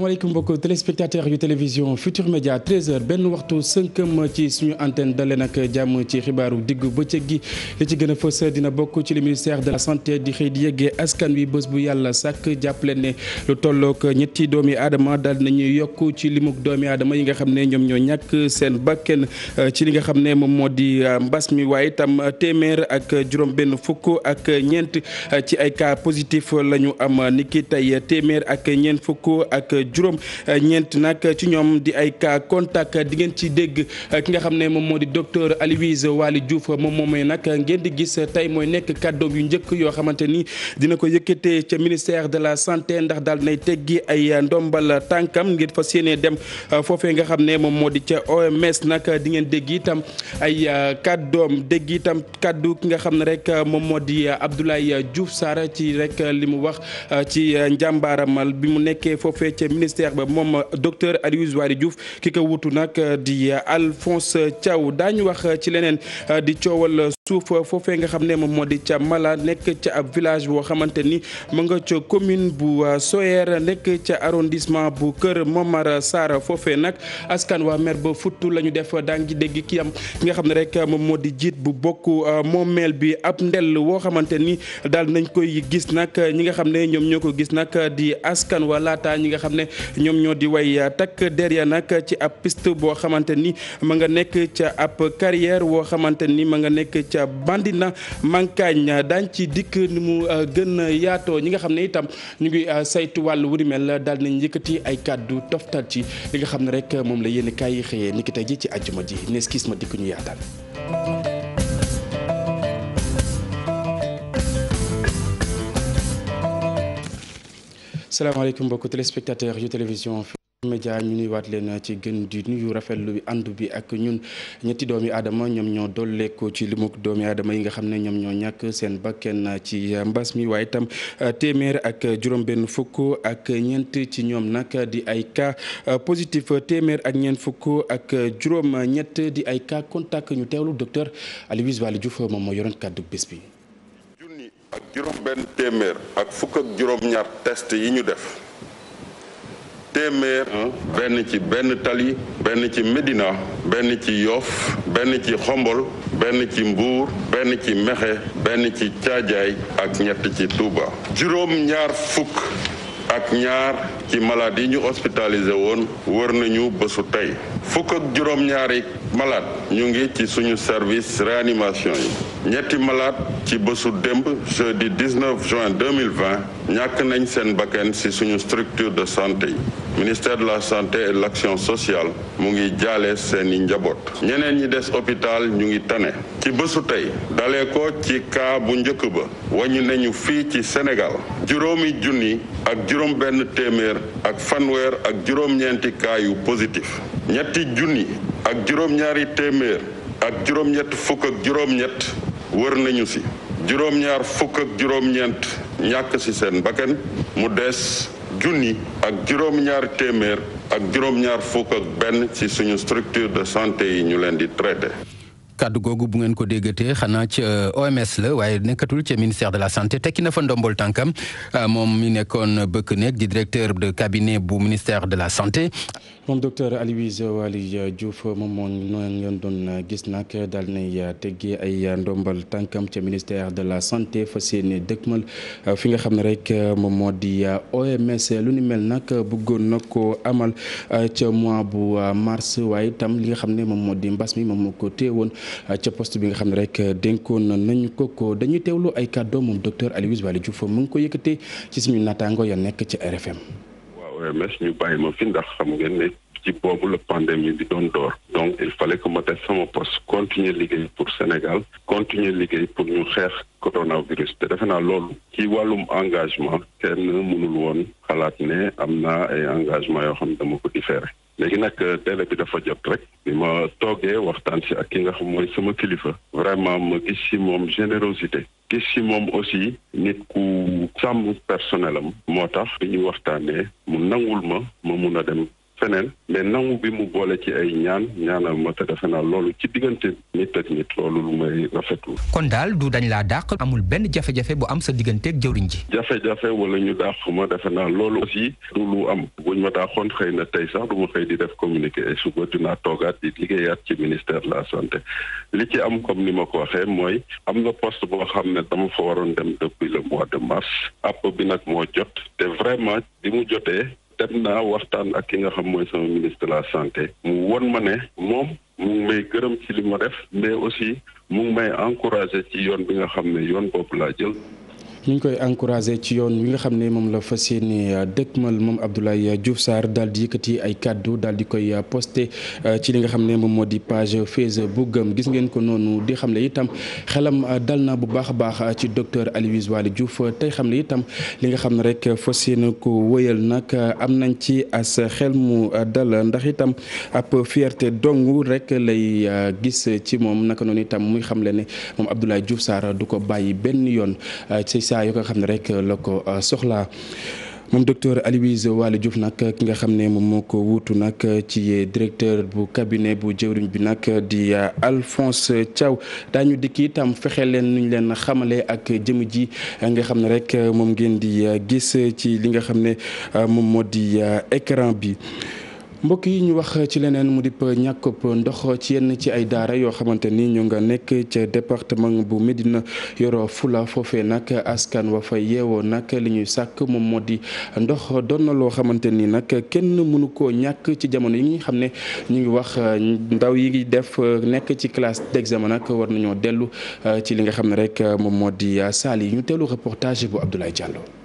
asalaamaaleykum mbokk téléspectateur yu télévision Futur Média 13h benn waxtu sënkam ci suñu antenne dalee nag jàmm ci xibaaru diggu bëccëg gi li ci gën a dina bokk ci li ministère de la santé di xëy di yeggee askan wi bés bu yàlla sàkk jàppale ne lu tollook ñetti doomi aadama daal nañuy yokk ci limuk doomi aadama yi nga xam ne ñoom ñoo ñàkk seen kenn ci li nga xam ne moom moo di euh, mbas mi waaye itam téeméer ak juróom benn fukk ak ñeent ci ay cas positif la ñu am niki tey téeméer fukk ak juróom eh, ñeent nag ci ñoom di ay cas contact di ngeen ci dégg eh, ki nga xam ne moom moo di docteur Aloyse Waly Diouf moom moom moomee nag ngeen di gis tey mooy nekk kàddoom yu njëkk yoo xamante ni dina ko yëkkatee ca ministère de la santé ndax daal nay teggi ay ndombal tànkam ngir fa yéenee dem eh, foofee nga xam ne moom moo di ca OMS nag di ngeen dégg itam ay kàddoom dégg itam kàddu ki nga xam ne rek moom moo di Abdoulaye Diouf Sarr ci rek li mu wax ci njàmbaaram bi mu ministère ba moom docteur Aliou Zouary Diouf ki ko wutu nag di Alphonse Thiaw daañu wax ci leneen di coowal suuf foofee nga xam ne moom moo di ca Mala nekk ca ab village boo xamante ni mu nga ca commune bu euh, Soyer nekk ca arrondissement bu Kër Momar Sarr foofee nag askan waa mer ba la ñu def daa dégg ki am ki nga xam ne rek moom moo di jiit bu bokk euh, moomeel bi ab ndell woo xamante ni daal nañ koy gis nag ñi nga xam ne ñoom ñoo ko gis nag di askan waa laata ñi nga xam ne ñoom ñoo di way euh, takk der ya nag ci ab piste boo xamante ni ma nga nekk ca ab carrière woo xamante ma nga nekk ca ca Bandina Mankagne daañ ci dikk ni mu euh, gën a yaatoo ñi nga xam ne itam ñu ngi euh, saytu wàllu wuri mel daal nañ yëkkati ay kàddu toftal ci li nga xam ne rek moom la yéen kaay yi xëyee ni ji ci àjjuma ji nees kiis ma dikk ñu yaatal salaamaaleykum Média ñu nuyuwaat leen ci gën di nuyu rafetlu bi ànd bi ak ñun ñetti doomi aadama ñoom ñoo dolleeku ci limuk doomi aadama yi nga xam ne ñoom ñoo ñàkk seen bakken ci mbas mi waaye itam euh, téeméer ak juróom-benn fukk ak ñeent ci ñoom nag di ay cas euh, positif téeméer ak ñeent fukk ak juróom-ñett di ay cas contact ñu teewlu docteur Aloyse Waly Diouf moom moo yoroon kàddu bés bi. junni ak juróom-benn téeméer ak fukk ak juróom-ñaar test yi ñu def. téeméer benn ci benn tali benn ci Médina benn ci yoof benn ci Xombol benn ci Mbuur benn ci Mexe benn ci Caajaay ak ñett ci Touba juróom ñaar fukk ak ñaar ci malade yi ñu hospitalisé woon wër nañu bésu tey fukk ak juróom-ñaari malade ñu ngi ci suñu service réanimation yi ñetti malaat ci bésu démb jeudi 19 juin 2020 ñàkk nañ seen bakkan ci suñu structure de santé yi ministère de la santé et de l'action sociale mu ngi jaale seeni njaboot ñeneen ñi des hôpital ñu ngi tane ci bésu tey dalee ci kaa bu njëkk ba wañu nañu fii ci Sénégal juróomi junni ak juróom benn téeméer ak fanweer ak juróom-ñeenti cas yu positif ñetti junni ak juróom-ñaari téeméer ak juróom-ñett fukk wër nañu si juróom ñàkk ci seen bakkan mu des junni ak juróom-ñaar téeméer ak juróom-ñaar fukk benn ci suñu structure de santé yi ñu leen di traité kaddu googu bu ngeen ko déggatee xanaa ca euh, OMS la waaye nekkatul ci ministère de la santé tekki na fa ndombol tànkam euh, moom mi nekkoon bëkk nekk di directeur de cabinet bu ministère de la santé. moom docteur Aloyse Waly Diouf moom moo ngeen doon gis nag daal nay teggee ay ndombal tànkam ca ministère de la santé fa seen dëkkmal fi nga xam ne rek moom moo di OMS lu ni mel nag buggoon na ko amal ca mois bu mars waaye itam li nga xam ne moom moo di mbas mi moom moo ca post bi nga xam ne rek dénkoon nañu ko ko dañuy teewlu ay kàddoo moom docteur Aloyse Waly Diouf mu ngi ko yëkkatee ci suñu naataango ya nekk ci RFM. waaw OMS ñu bàyyi ma fi ndax xam ngeen ne ci boobu la pandémie bi doon door donc il fallait que ma des sama poste continuer liggéey pour Sénégal continuer liggéey pour ñu xeex coronavirus te defe naa loolu ci wàllum engagement kenn mënul woon xalaat ne am naa ay engagement yoo xam ne dama ko différé léegi nag délai euh, bi dafa jot rek bi ma toogee waxtaan si ak ki nga xam mooy sama kilifa vraiment ma gis si moom générosité gis si moom aussi nit ku sàmm personnel am moo tax bi ñu waxtaanee mu nangul ma ma mun a dem feneen mais nangu bi mu boole ci ay ñaan ñaana ma te defe naa loolu ci diggante nit ak nit loolu lu may rafetul. kon daal du dañ laa dàq. amul benn jafe-jafe bu am sa digganteeg jëwriñ ji. jafe-jafe wala ñu dàq ma defe naa loolu aussi du lu am buñ ma dàqoon xëy na tey sax du ma xëy di def communiqué et suba dinaa toogaat di liggéeyaat ci ministère de la santé li ci am comme ni ma ko waxee mooy am na poste boo xam ne dama fa waroon dem depuis le mois de mars app bi nag moo jot vraiment bi mu jotee. dem naa waxtaan ak ki nga xam mooy sama ministre de la santé mu won ma ne moom mu may gërëm ci li ma def mais aussi mu ngi may encouragé ci yoon bi nga xam ne yoon bopp laa jël ñu ngi koy encouragé ci yoon wi nga xam ne moom la fas yéene euh, dëkkmal moom Abdoulaye Diouf saar daal di yëkkati ay kàddu daal di koy euh, posté euh, ci li nga xam ne moom moo di page bu gëm gis ngeen ko noonu di xam ne itam xelam dal na bu baax a baax ci docteur Aloyse Waly Diouf tey xam ne itam li nga xam ne rek fas yéene ko wëyal nag am nañ ci as xel mu dal ndax itam ab fierté dong rek lay gis ci moom naka noonu itam muy xam le ne moom Abdoulaye Diouf saar du ko bàyyi benn yoon saa yu nga xam ne rek euh, la ko euh, soxlaa. moom docteur Aloyse Waly Diouf nag ki nga xam ne moom moo ko wutu nag ci directeur bu cabinet bu jëwriñ bi nag di euh, Alphonse caw daañu dikk itam fexe leen nuñ leen xamale ak jëm ji nga xam ne rek moom ngeen di gis ci li nga xam ne moom moo di écran bi. mbokk yi ñu wax ci leneen mu dip ñàkkub ndox ci yenn ci ay daara yoo xamante ni ñu nga nekk ca département bu Médina Yoro Foulah foofee nag askan wa fa yeewoo nag li ñuy sàkk moom moo di ndox doon na loo xamante ni nag kenn mënu koo ñàkk ci jamono yi nga xam ne ñu ngi wax ndaw yi def nekk ci classe d'examen nag war nañoo dellu ci li nga xam ne rek moom moo di saal yi ñu teelu reportage bu Abdoulaye Diallo.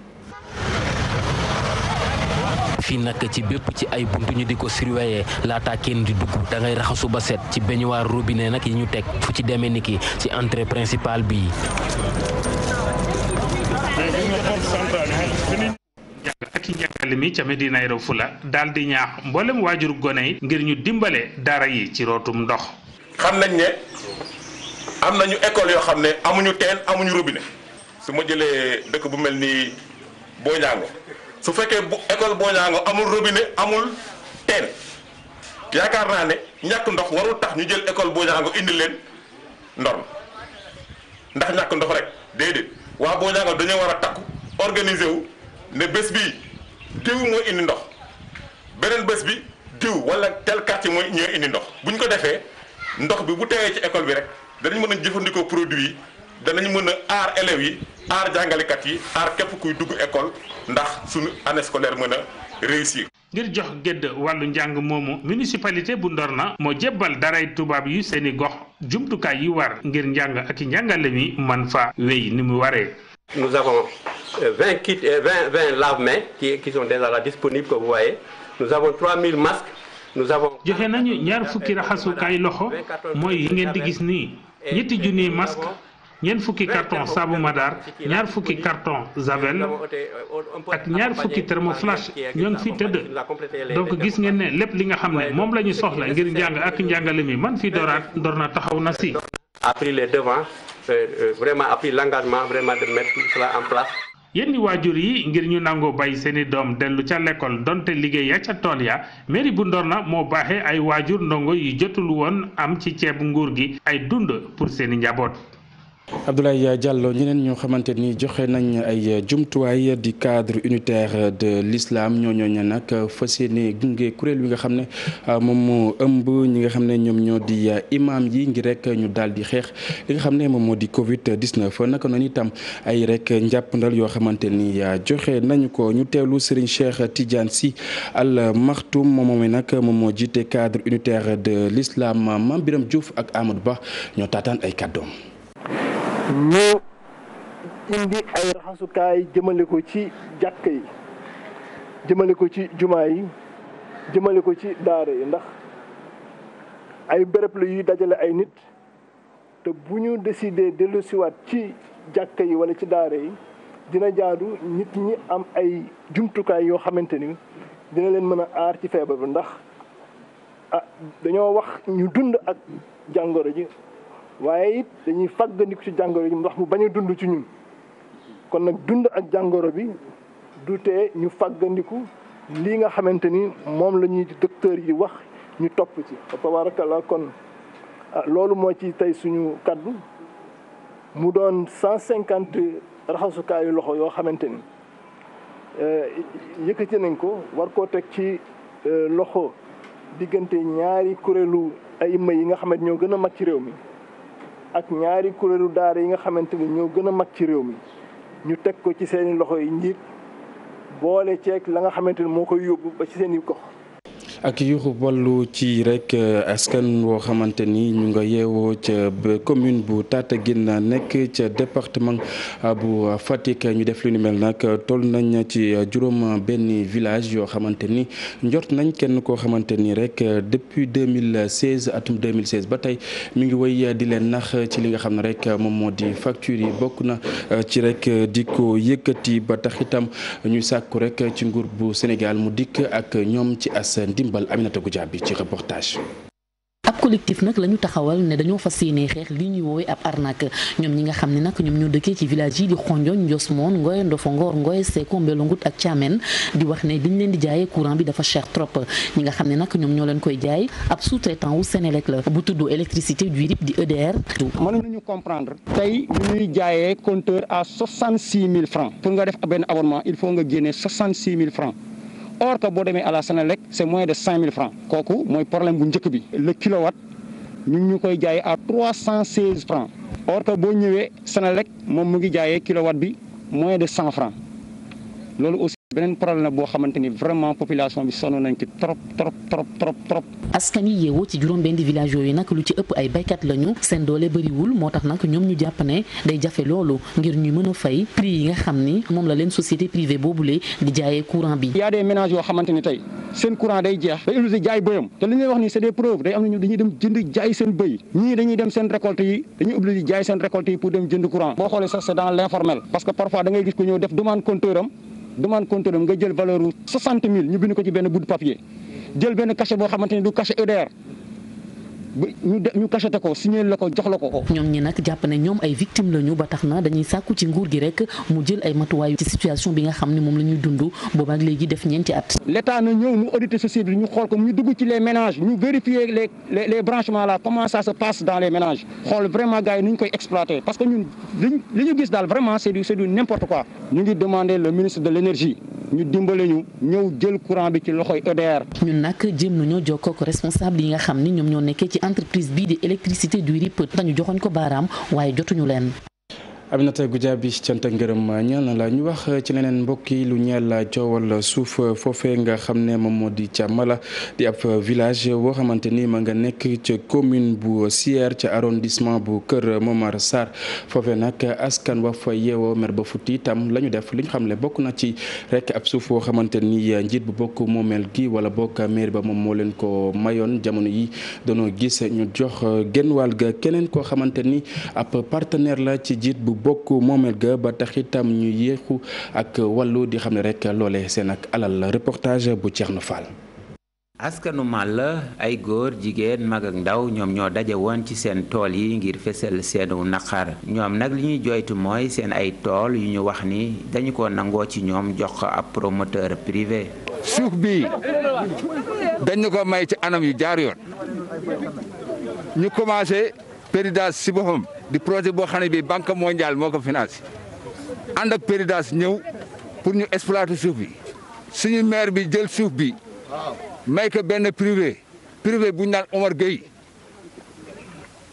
fii nag ci bépp ci ay bunt ñu di ko surveiller laataa kenn di dugg da raxasu ba set ci baignoire robine nag yi ñu teg fu ci demee ni ki ci entrée principale bi ak njàngale mi ca Medina Yoro Foulah daal di ñaax mboolem waajur gone yi ngir ñu dimbale dara yi ci rootum ndox xam nañ ne am nañu école yoo xam ne amuñu teen amuñu robinet su ma jëlee dëkk bu mel ni boo ñaango su fekkee bu école Boñango amul robinet amul teen yaakaar naa ne ñàkk ndox warul tax ñu jël école Boñango indi leen norme ndax ñàkk ndox rek déedéet waa Boñango dañoo war a takku organiser wu ne bés bi diw mooy indi ndox beneen bés bi diw wala tel quartier mooy ñooy indi ndox bu ñu ko defee ndox bi bu teewee ci école bi rek danañ mën a jëfandikoo produit yi danañ mën a aar élèves yi. aar jàngalekat yi aar képp kuy dugg école ndax suñu année scolaire mën a réussir. ngir jox gëdd wàllu njàng moomu municipalité bu Ndorna moo jébbal daray tubaab yu seeni gox jumtukaay yi war ngir njàng ak i njàngale mi man fa wéy ni mu waree. nous avons euh, vingt kits et euh, vingt vingt lave-mains qui qui sont déjà là disponibles que vous voyez nous avons trois joxe nañu ñaar fukki raxasukaay loxo mooy yi ngeen di gis nii ñetti junniy masque ñeent fukki carton saabu madaar ñaar fukki carton javel euh, ak ñaar fukki thermoflash ñoo ngi fi tëdd donc gis ngeen ne lépp li nga xam ne moom la ñu soxla ngir njàng ak njàngale mi man fi dooraat door na taxaw na si. a les devants euh, euh, vraiment a pris vraiment de mettre cela waajur yi ngir ñu nangoo bay seen i doom dellu ca lekkool donte liggéey ya ca tool ya mairie bu Ndorna moo baaxee ay waajur ndongo yi jotul woon am ci ceebu nguur gi ay dund pour seen i njaboot. Abdoulaye Diallo ñeneen ñoo xamante nii joxe nañ ay jumtuwaay di cadre unitaire de lislaam ñoo ñooñu nag fas yéene gunge kuréel yi nga xam ne ah, moom moo ëmb ñi nga xam ne ñoom ñoo di ah, imaam yi ngi rek ñu daal di xeex li nga xam ne moom moo di Covid 19 naka noonu itam ay rek njàppandal yoo xamante ni ah, joxe nañu ko ñu teelu Serigne Cheikh Tidiane si Al Maktoum moom moomee nag moom moo jiite cadre unitaire de l'islam Mame Biram Diouf ak Amadou Ba ñoo taataan ay kàddoom. ñu indi ay raxasukaay jëmale ko ci jàkk yi jëmale ko ci jumaa yi jëmale ko ci daara yi ndax ay bërëb la yuy dajale ay nit te bu ñu décider dellu siwaat ci jàkk yi wala ci daara yi dina jaadu nit ñi am ay jumtukaay yoo xamante ni dina leen mën a aar ci feebar bi ndax ah dañoo wax ñu dund ak jàngoro ji waaye it dañuy fàggandiku ci jàngoro yi ndox mu bañ a dund ci ñun kon nag dund ak jàngoro bi du tee ñu fàggandiku lii nga xamante ni moom lañuy ñuy docteur yi wax ñu topp ci tabarakallah kon ah, loolu moo ci tey suñu kàddu mu doon cent cinquante raxasukaayu loxo yoo xamante ni eh, yëkkati nañ ko war koo teg ci eh, loxo diggante ñaari kuréelu ay ima yi nga xamante ñoo gën a mag ci réew mi ak ñaari kuréelu daara yi nga xamante ni ñoo gën a mag ci réew mi ñu teg ko ci seen loxo yi njiit boole ceeg la nga xamante ni moo koy yóbbu ba ci seeni ko ak yuuxu wàllu ci rek eh, askan woo xamante ni ñu nga yeewoo ca commune bu Tataguine nekk ca département eh, bu Fatick ñu def lu ni mel nag toll nañ ci juróom benn village yoo xamante ni njort nañ kenn koo xamante ni rek eh, depuis 2016 atum 2016 ba tey mu ngi wéy di leen nax ci li nga xam ne rek moom moo di facture yi bokk na ci rek di ko yëkkati ba tax itam ñu sàkku rek ci nguur bu Sénégal mu dikk ak ñoom ci as ndimbal jébal Aminata Goudiaby bi ci reportage. ab collectif nag la ñu taxawal ne dañoo fas yéene xeex li ñuy woowee ab arnaque ñoom ñi nga xam ne nag ñoom ñoo dëkkee ci village yi di xonjoñ Ndiosmoon Ngoye Ndofongor Ngoye Seko Mbelongout ak Thiamène di wax ne liñ leen di jaayee courant bi dafa cher trop ñi nga xam ne nag ñoom ñoo leen koy jaay ab sous-traitant wu Sénélec la bu tudd électricité du RIP di EDR. mën nañu comprendre tey ñuy jaayee compteur à 66000 francs pour nga def benn or que boo demee à la Sénélec c' est moins de 5000 francs kooku mooy problème bu njëkk bi le kilowatt ñu ngi ñu koy jaayee à 316 francs or que boo ñëwee Sénélec moom mu ngi jaayee kilowatt bi moins de cent francs loolu aussi beneen problème boo xamante ni vraiment population bi sonn nañ ci trop trop trop trop trop. askan yi yeewoo ci juróom benn village yooyu nag lu ci ëpp ay baykat lañu seen doole bëriwul moo tax nag ñoom ñu jàpp ne day jafe loolu ngir a fay prix yi nga xam ni moom courant bi. y a des yoo xamante tey seen courant day jeex day utiliser jaay seen bëy ñii dañuy dem seen récolte yi dañuy obligé jaay seen récolte yi pour dem jënd courant boo xoolee sax c'est l'informel parce que parfois da demande contrôle nga jël valeur bu 60 000 ñu bind ko ci benn bout papier jël benn cachet boo xamante ne du cachet EDR. ñu de ñu cacheté ko signé la ko jox la ko. ñoom ñi nag jàpp ne ñoom ay victime lañu ba tax na dañuy sàkku ci nguur gi rek mu jël ay matuwaay ci situation bi nga xam ne moom la ñuy dund boobaak léegi def ñeenti at. l'état na ñëw ñu auditer société bi ñu xool ko ñu dugg ci les ménages ñu vérifier les branchements là comment ça se passe dans les ménages xool vraiment gars yi nu ñu koy exploiter parce que ñun li ñu gis daal vraiment c'est du n'importe quoi. ñu ngi e ñoo nekkee entreprise bii di électricité du RIP nañu joxoñ ko baaraam waaye jotuñu leen Aminata Goudiaby cant ak ngërëm ñeel na la ñu wax ci leneen mbokk yi lu ñeel coowal suuf foofe nga xam ne moom moo di ca Thiamala di ab village woo xamante ni ma nga nekk ca commune bu Sierre ca arrondissement bu Kër Momar Sarr foofee nag askan wa fa yeewoo ba futti la ñu def li xam ne bokk na ci rek ab suuf boo xamante ni njiit bu bokk moomeel gi wala bokk maire ba moom moo leen ko mayoon jamono yi dañoo gis ñu jox genn wàll ga keneen koo xamante ni ab partenaire la ci jiit bu bokk moomeel ga ba tax itam ñu yéexu ak wallu di xam ne rek loole seen ak alal la reportage bu Thierno Fall. askanu màll ay góor jigéen mag ndaw ñoom ñoo daje woon ci seen tool yi ngir fesal seenu naqar ñoom nag li ñuy joytu mooy seen ay tool yu ñu wax ni dañu ko nangoo ci ñoom jox ko ab promoteur privé. suuf bi dañu ko may ci anam yu jaar yoon ñu commencé péridage si boppam di projet boo xam ne bii banque mondiale moo ko financé ànd ak PDIDAS ñëw pour ñu exploite suuf bi suñu maire bi jël suuf bi may ko benn privé privé bu ñu naan Omar Gueye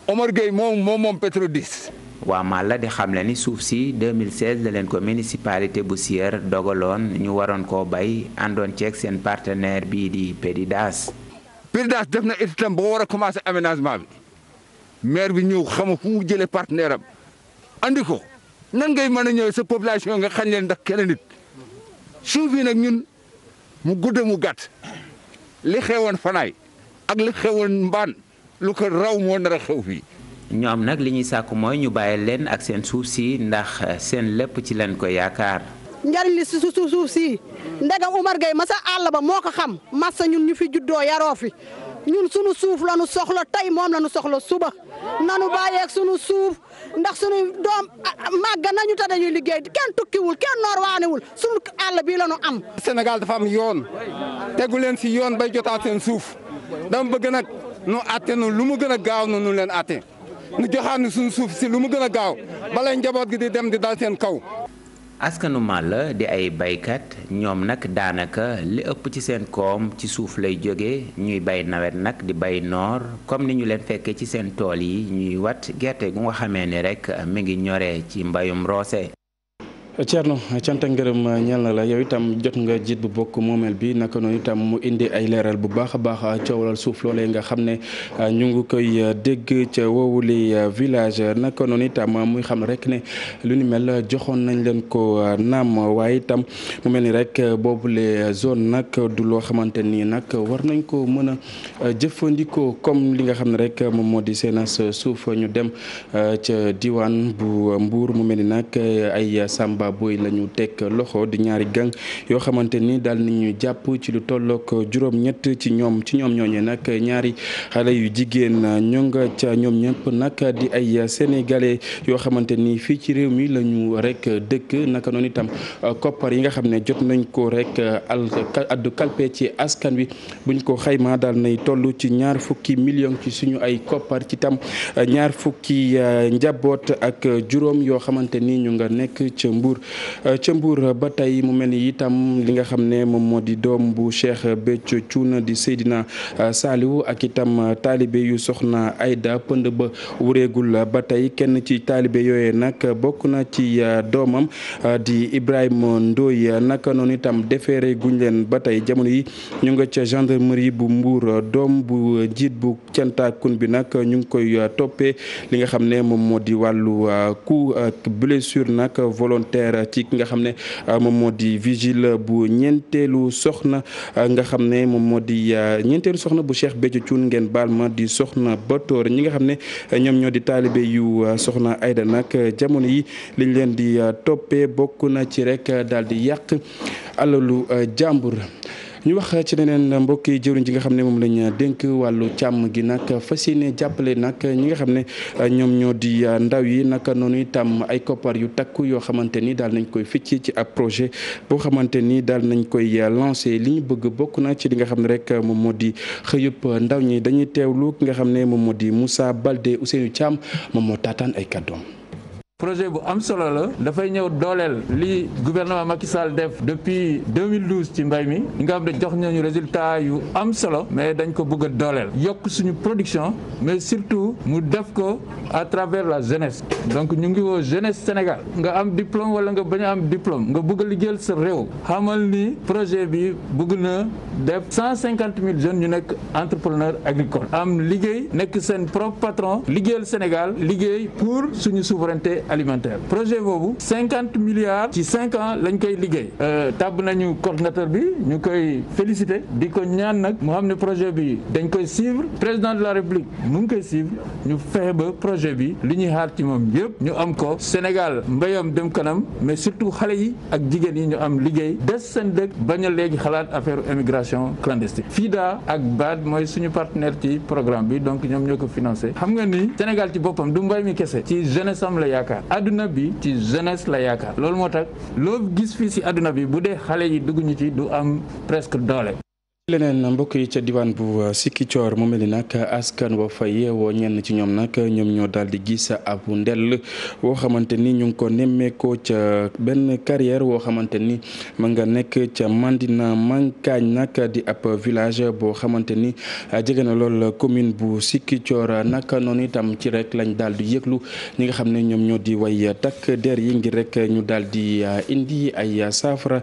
Omar Gueye moom moom moom Petrodis. waa Malla di xamle ni suuf si 2016 la leen ko municipalité bu Sierre dogaloon ñu waroon koo bay àndoon ceeg seen partenaire bii di PDIDAS. PDIDAS def na itam boo war a commencé aménagement bi. maire bi ñëw xama fu mu jëlee partenaire am andi ko nan ngay mën a ñëwee sa population nga xañ leen ndax keneen nit suuf nag ñun mu gudd mu gàtt li xewoon fanaay ak li xewoon mbaan lu ko raw moo nar a xew fii. ñoom nag li ñuy sàkku mooy ñu bàyyi leen ak seen suuf si ndax seen lépp ci leen ko yaakaar. njariñ li si suuf si ndegam Umar Gueye masa àll ba moo ko xam masa ñun ñu fi juddoo yaroo fi. ñun sunu suuf la soxla tey moom la nu soxla suba nanu bàyyeeg sunu suuf ndax sunu doom màgg nañu te dañuy liggéey kenn tukkiwul kenn noor waaniwul sunu àll bii la am. Sénégal dafa am yoon tegu leen si yoon bay jotaat seen suuf dama bëgg nag nu àtte nu lu mu gën a gaaw nu nu leen àtte nu joxaat nu sunu suuf si lu mu gën a gaaw balay njaboot gi di dem di dal seen kaw. askanu la di ay baykat ñoom nag daanaka li ëpp ci seen koom ci suuf lay jóge ñuy bay nawet nag di bay noor comme ni ñu leen fekkee ci seen tool yi ñuy wat gerte gu nga xamee ni rek mi ngi ñoree ci mbayum roose Thierno cant ak ngërëm ñeel na la yow itam jot nga jiit bu bokk moomeel bi naka noonu itam mu indi ay leeral bu baax a baax coowalal suuf loolee nga xam ne ah, ñu ngi koy ah, dégg ca woowuli ah, village naka noonu itam muy xam rek ne lu ni mel joxoon nañ leen ko naam waaye itam mu mel ni rek boobule zone nag du loo xamante nii nag war nañ ko mën a jëfandikoo comme li nga xam ne rek moom moo di seenas suuf ñu dem ca diwaan bu Mbour mu mel ni nag ay sàmba Zimbabwe la ñu teg loxo di ñaari gang yoo xamante ni daal nañu jàpp ci lu tollook juróom-ñett ci ñoom ci ñoom ñooñee nag ñaari xale yu jigéen ñoo nga ca ñoom ñëpp nag di ay sénégalais yoo xamante ni fii ci réew mi lañu ñu rek dëkk naka noonu itam koppar yi nga xam ne jot nañ ko rek al addu kalpe ci askan wi buñ ko xayma daal nay toll ci ñaar fukki million ci suñu ay koppar ci tam ñaar fukki njaboot ak juróom yoo xamante ni ñu nga nekk ca Mbuur Mbour euh, ca Mbour ba tey mu mel ni itam li nga xam ne moom moo di doom bu Cheikh Béthio Thioune di Seydina euh, Saliou ak itam euh, taalibe yu soxna Aida pënd ba wureegul ba tey kenn ci taalibe yooye nag bokk na ci doomam di Ibrahima Ndoye naka noonu itam defeere guñ leen ba tey jamono yi ñu nga ca gendarmerie bu Mbour doom bu njiit bu cantaakun bi nag ñu ngi koy toppee li nga xam ne moom moo di wàllu coup blessure nag volontaire APR ci ki nga xam ne euh, moom moo di vigile bu ñeenteelu soxna euh, nga xam ne moom moo di euh, ñeenteelu soxna bu Cheikh Béthio Thioune ngeen baal ma di soxna Batoor ñi nga xam ne ñoom ñoo di taalibe yu soxna ayda nag jamono yi liñ leen di toppee bokk na ci rek daal di yàq alalu jàmbur. ñu wax ci leneen mbokki jëwriñ ji nga xam ne moom lañu dénk wàllu càmm gi nag fas yéene jàppale nag ñi nga xam ne ñoom ñoo di ndaw yi nag noonu itam ay koppar yu takk yoo xamante ni daal nañ koy ficc ci ab projet boo xamante ni daal nañ koy lancé li ñu bëgg bokk na ci li nga xam ne rek moom moo di xëyub ndaw ñi dañuy teewlu ki nga xam ne moom moo di Moussa Baldé Ousseynou Thiam moom moo taataan ay kàddoom projet bu am solo la dafay ñëw dooleel li gouvernement Macky Sall def depuis 2012 ci mbay mi ñi nga xam ne jox nañu résultat yu am solo mais dañ ko bëgg dooleel yokk suñu production mais surtout mu def ko à travers la jeunesse donc ñu ngi woo jeunesse Sénégal nga am diplôme wala nga bañ a am diplôme nga bëgg a liggéeyal sa réew xamal ni projet bi bëgg na def 150 000 jeunes ñu nekk entrepreneur agricole am liggéey nekk seen propre patron liggéeyal Sénégal liggéey pour suñu souveraineté alimentaire projet boobu cinquante milliards ci cinq ans lañ koy liggéey euh, tàbb nañu coordinateur bi ñu koy félicité di ko ñaan nag moo xam ne projet bi dañ koy suivre président de la république mu ngi koy suivre ñu fexe ba projet bi li ñuy xaar ci moom yëpp ñu am ko Sénégal mbéyam dem kanam mais surtout xale yi ak jigéen yi ñu am liggéey des seen dëkk ba a léegi xalaat affaire immigration clandestine FIDA ak BAD mooy su suñu partenaire ci programme bi donc ñoom ñoo ko financé xam nga ni Sénégal ci boppam du mbay yaakaar adduna bi ci jeunesse la yaakaar loolu moo tax loo gis fii si adduna bi bu dee xale yi dugg ñu ci du am presque doole leneen mbokk yi ca diwaan bu Sikicoor uh, mu mel ni nag askan wa fa yeewoo ñenn ci ñoom nag ñoom ñoo daal di gis ab ndel woo xamante ni ñu ngi ko nemmeekoo ca benn carrière woo xamante ni ma nga nekk ca Mandina Mankaañ nag di ab village boo xamante ni uh, jege na lool commune bu Sikicoor nag noonu itam ci rek lañ daal di yëglu ñi nga xam ne ñoom ñoo di way takk der yi ngir rek ñu daal di uh, indi ay saafara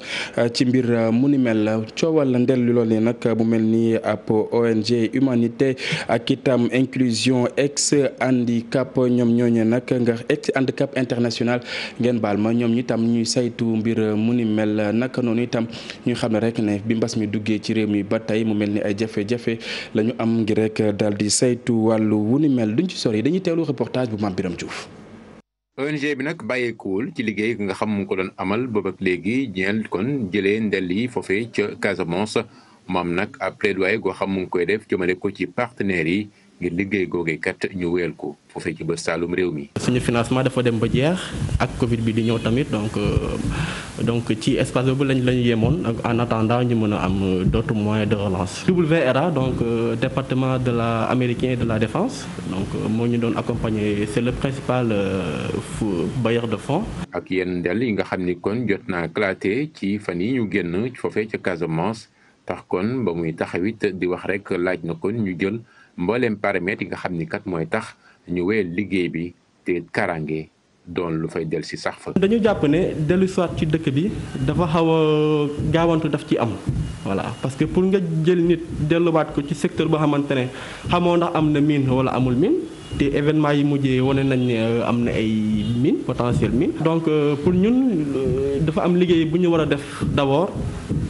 ci mbir mu ni mel coowal ndel lool nag mu mel ni ab ONG humanité ak itam inclusion ex handicap ñoom ñooñu nag nga ex handicap international ngeen baal ma ñoom ñi tam ñuy saytu mbir mu ni mel naka noonu itam ñu xam ne rek ne bi mbas mi duggee ci réew mi ba tey mu mel ni ay jafe-jafe lañu am ngir rek daal di saytu wàllu wu ni mel duñ ci sori dañuy teewlu reportage bu ma Biram Diouf. ONG bi nag bàyyeekuwul ci liggéey nga xam ko doon amal boobu léegi ñeel kon jëlee ndel yi maam nag ab plaidoyer goo xam mu ngi koy def jëmale ko ci partenaires yi ngir liggéey googee kat ñu weel ko foofee ci ba saalum réew mi. suñu financement dafa dem ba jeex ak Covid bi di ñëw tamit donc euh, donc ci espace ba lañ la ñu yemoon en attendant ñu mën a am d' autres moyens de relance. WRA donc euh, département de la américain de la défense donc euh, moo ñu doon accompagner c' est le principal bailleur de fonds. ak yenn ndel yi nga xam ni kon jot naa éclaté ci fan yi ñu génn foofee ca Casamance. tax kon ba muy taxawit di wax rek laaj na kon ñu jël mbooleem paramètres yi nga xam ni kat mooy tax ñu wéyal liggéey bi te karange doon lu fay del si sax fa. dañu jàpp ne dellu soit ci dëkk bi dafa xaw a gaawantu daf ci am voilà parce que pour nga jël nit delluwaat ko ci secteur boo xamante ne xamoo ndax am na miin wala amul mine te événement yi mujjee wane nañ ne euh, am na ay mine potentiel mine. donc euh, pour ñun euh, dafa am liggéey bu ñu war a def d'abord.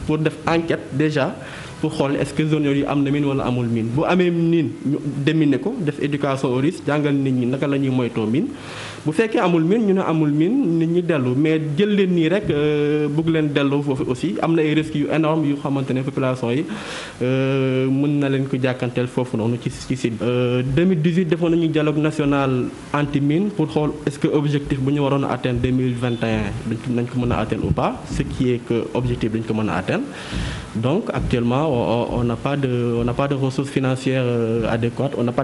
pour def enquête déjà pour xool est-ce que zone yooyu am na miin wala amul miin bu amee miin ñu déminer ko def éducation au risque jàngal nit ñi naka la ñuy moytoo miin bu fekkee amul miin ñu ne amul miin nit ñi dellu mais jël leen nii rek euh, bëgg leen dellu foofu aussi am na ay risques yu énorme yu xamante ne population yi euh, mën na leen ko jàkkanteel foofu noonu ci ci site 2018 euh, defoon nañu dialogue national anti mine pour xool est-ce que objectif bu ñu waroon a atteindre 2021 dañ ko mën a atteindre ou pas ce qui est que objectif dañ ko mën a atteindre on n'a de on n'a pas de ressources financières euh, adéquates on n'a pas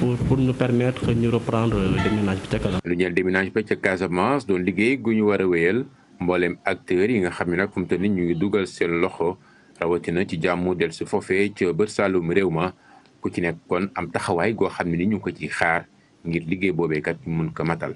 pour pour nous permettre ñu reprendre euh, déminage bi ca déminage ba ca Casamance doon liggéey gu ñu war a wéyal mbooleem acteurs yi nga xam ni nag fu mu toll ñu ngi dugal seen loxo rawatina ci jàmmu del si foofee ca bër Saalum réew ma ku ci nekk kon am taxawaay goo xam ne ni ñu ko ci xaar ngir liggéey boobee kat mun ko matal.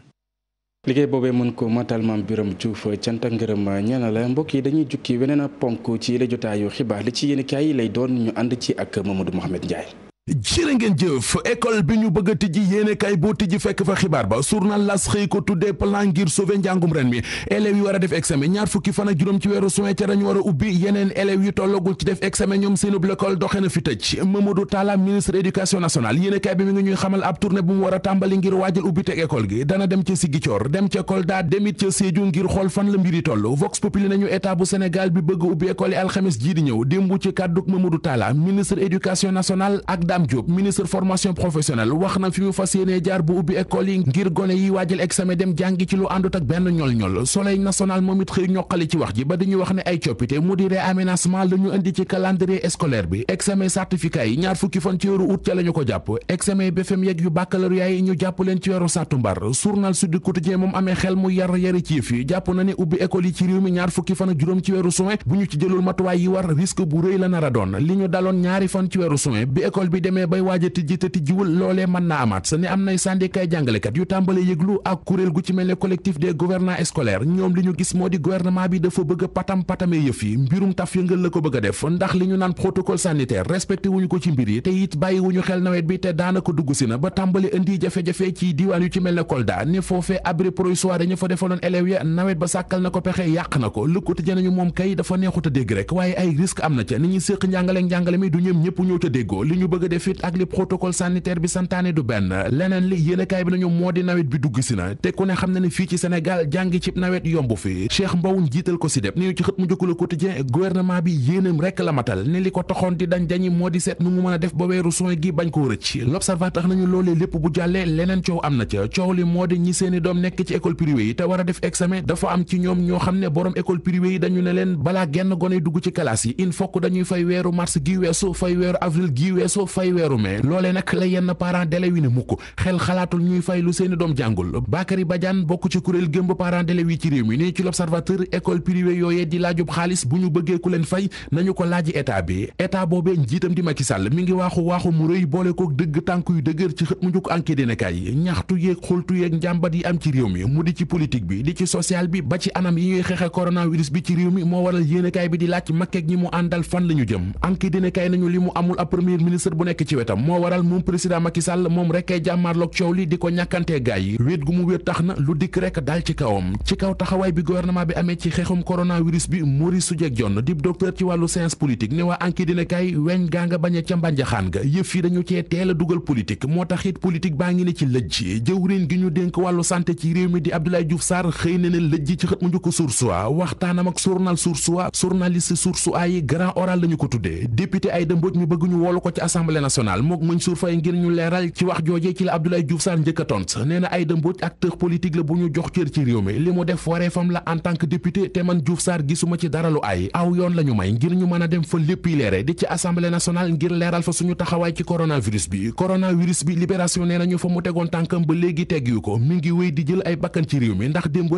liggéey boobee mën ko matal Biram Diouf cant ak ngërëm ñeena la mbokk yi dañuy jukki weneen a ponk ci la jotaayu xibaar li ci yéen kaay yi lay doon ñu ànd ci ak Mamadou Mohamed Ndiaye. jërë ngeen jëf école bi ñu bëgg a tijji yéene kay boo tijji fekk fa xibaar ba journal las xëy ko tuddee plan ngir sauver njàngum ren mi élèves yi war a def examen ñaar fukki fan ak juróom ci weeru suwe ca dañu war a ubbi yeneen élèves yu tollagul ci def examen ñoom seenub l'école doxe na fi tëj Mamadou Talla ministre éducation nationale yéene kay bi mi ngi ñuy xamal ab tournée bu mu war a tàmbali ngir waajal ubbi teg école gi dana dem ca Ziguinchor dem bi bëgg ubbi école yi alxames jii ci Birame Diop ministre formation professionnelle wax na fi mu fas yéenee jaar bu ubbi école yi ngir gone yi waajal examen dem jàngi ci lu àndut ak benn ñol-ñol soleil national moom it xëy ñoqali ci wax ji ba dañuy wax ne ay coppite mu di réaménagement la ñu indi ci calendrier scolaire bi examen certificat ñaar fukki fan ci weeru août ca la ko jàpp examen BFEM yeeg yu baccalauréat ñu jàpp leen ci weeru sàttumbar journal Sud Quotidien moom amee xel demee bay waaja tijji te tijjiwul na amaat sa ni am nay syndicat jàngalekat yu tàmbale yëglu ak kuréel gu ci mel ne collectif des gouvernants scolaires ñoom li ñu gis moo di gouvernement bi dafa bëgg a patam patamee yëf yi mbirum taf yëngal la ko bëgg a def ndax li ñu naan protocole sanitaire respecté wuñu ko ci mbir yi te it bàyyi wuñu xel nawet bi te daanaka dugg si na ba tàmbale indi jafe-jafe ci diiwaan yu ci mel ne Kolda ne foofee abri provisoire ñu fa defaloon élèves ya nawet ba sàkkal na ko pexe yàq na ko lu ko tëjee moom kay dafa neexut a dégg rek ay risque am na ca ni ñuy séq njàngale njàngale mi du ñëm ñëpp ñëw fit ak li protocole sanitaire bi santaane du ko si def ni ñu ci li ko toxoon di dañ dañi moo di seet nu mu mën def ba weeru soin gi bañ koo rëcc L'Observateur nañu loolee lépp bu jàllee leneen coow am na ca coow li moo di ñi seeni doom nekk ci école privée yi te war a def examen dafa am ci ñoom ñoo xam ne borom école privée yi dañu ne leen balaa genn gone dugg ci classe yi il faut dañuy fay weeru mars gi weesu fay weeru avril gi weesu fay weeru mai loolee nag la yenn parents d'élèves yi ne mukk xel xalaatul ñuy fay lu seeni doom jàngul Bakary Badiane bokk ci kuréel gëmb parents d'élèves ci réew mi nii ci l'observateur école privée yooyee di laajub xaalis bu ñu bëggee leen fay nañu ko laaji état bi état boobee njiitam di Macky Sall mi ngi waaxu waaxu mu rëy boole ko dëgg tànk yu dëgër ci xët mu njukk enquête yi ñaxtu yeeg xultu yeeg njàmbat yi am ci réew mi mu di ci politique bi di ci social bi ba nekk ci moo waral moom président Macky moom rek kay jàmmaarloog coow li di ko ñàkkantee gaay yi wéet gu mu wéet tax na lu dikk rek daal ci kawam ci kaw taxawaay bi gouvernement bi amee ci xeexum coronavirus bi Maurice Soudieck Dione di docteur ci wàllu science politique ne waa enquête dina weñ gaa nga bañ a ca mbànjaxaan ga yëf yi dañu cee teel a dugal politique moo tax it baa ngi ne ci lëjj jëwriñ gi ñu dénk wàllu santé ci réew mi di Abdoulaye Diouf Sarr xëy A A assemblée nationale mook Mansour Faye ngir ñu leeral ci wax joojee ci la Abdoulaye Diouf Sarr njëkk a nee na Aïda Mbodj acteur politique la bu ñu jox cër ci réew mi li mu def wareefam la en tant que te man Diouf gisuma ci dara lu ay aw yoon may ngir ñu mën a dem fa lépp leere di ci assemblée nationale ngir leeral fa suñu taxawaay ci coronavirus bi bi libération nee nañu fa mu tegoon tànkam ba léegi teggiwu ko mi ngi wéy di jël ay bakkan ci réew mi ndax démb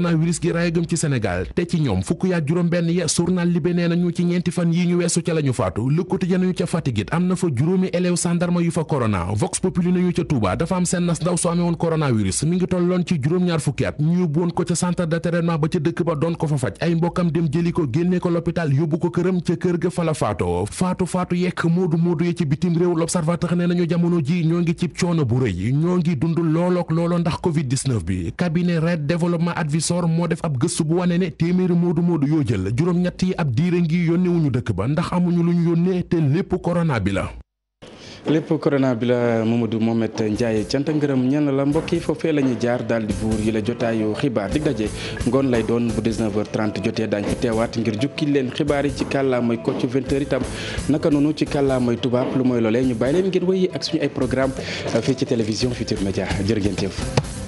coronavirus gi raayagum ci Sénégal te ci ñoom fukk yaa juróom-benn ya journal li be nee nañu ci ñeenti fan yi ñu weesu ca la faatu Le Quotidien nañu ca Fatick am na fa juróomi élève gendarme yu fa corona Vox Populi ngi tolloon ci juróom-ñaar fukki ñu yóbbu woon ko ca centre de ba ca dëkk ba doon ko fa faj ay mbokkam dem jëli ko génne ko l'hôpital yóbbu ko këram ca kër ga fa faatoo faatu faatu yekk moodu moodu ya ci bitim réew l'Observateur Ziguinchor moo def ab gëstu bu wane ne téeméeri moodu moodu yoo jël juróom-ñett yi ab diire ngi yónnewuñu dëkk ba ndax amuñu lu ñu yónnee te lépp corona bi la. lépp corona bi la Mamadou Mohamed Ndiaye cant ngërëm ñenn la mbokk yi foofee la ñuy jaar daal di buur yi la jotaayu xibaar dig daje ngoon lay doon bu 19h30 jotee daañu fi teewaat ngir jukki leen xibaar yi ci kàllaamay Kocc 20h itam naka noonu ci kàllaamay tubaab lu mooy loole ñu bàyyi leen ngeen wéy ak suñu ay programme fii ci télévision Futurs Médias jërë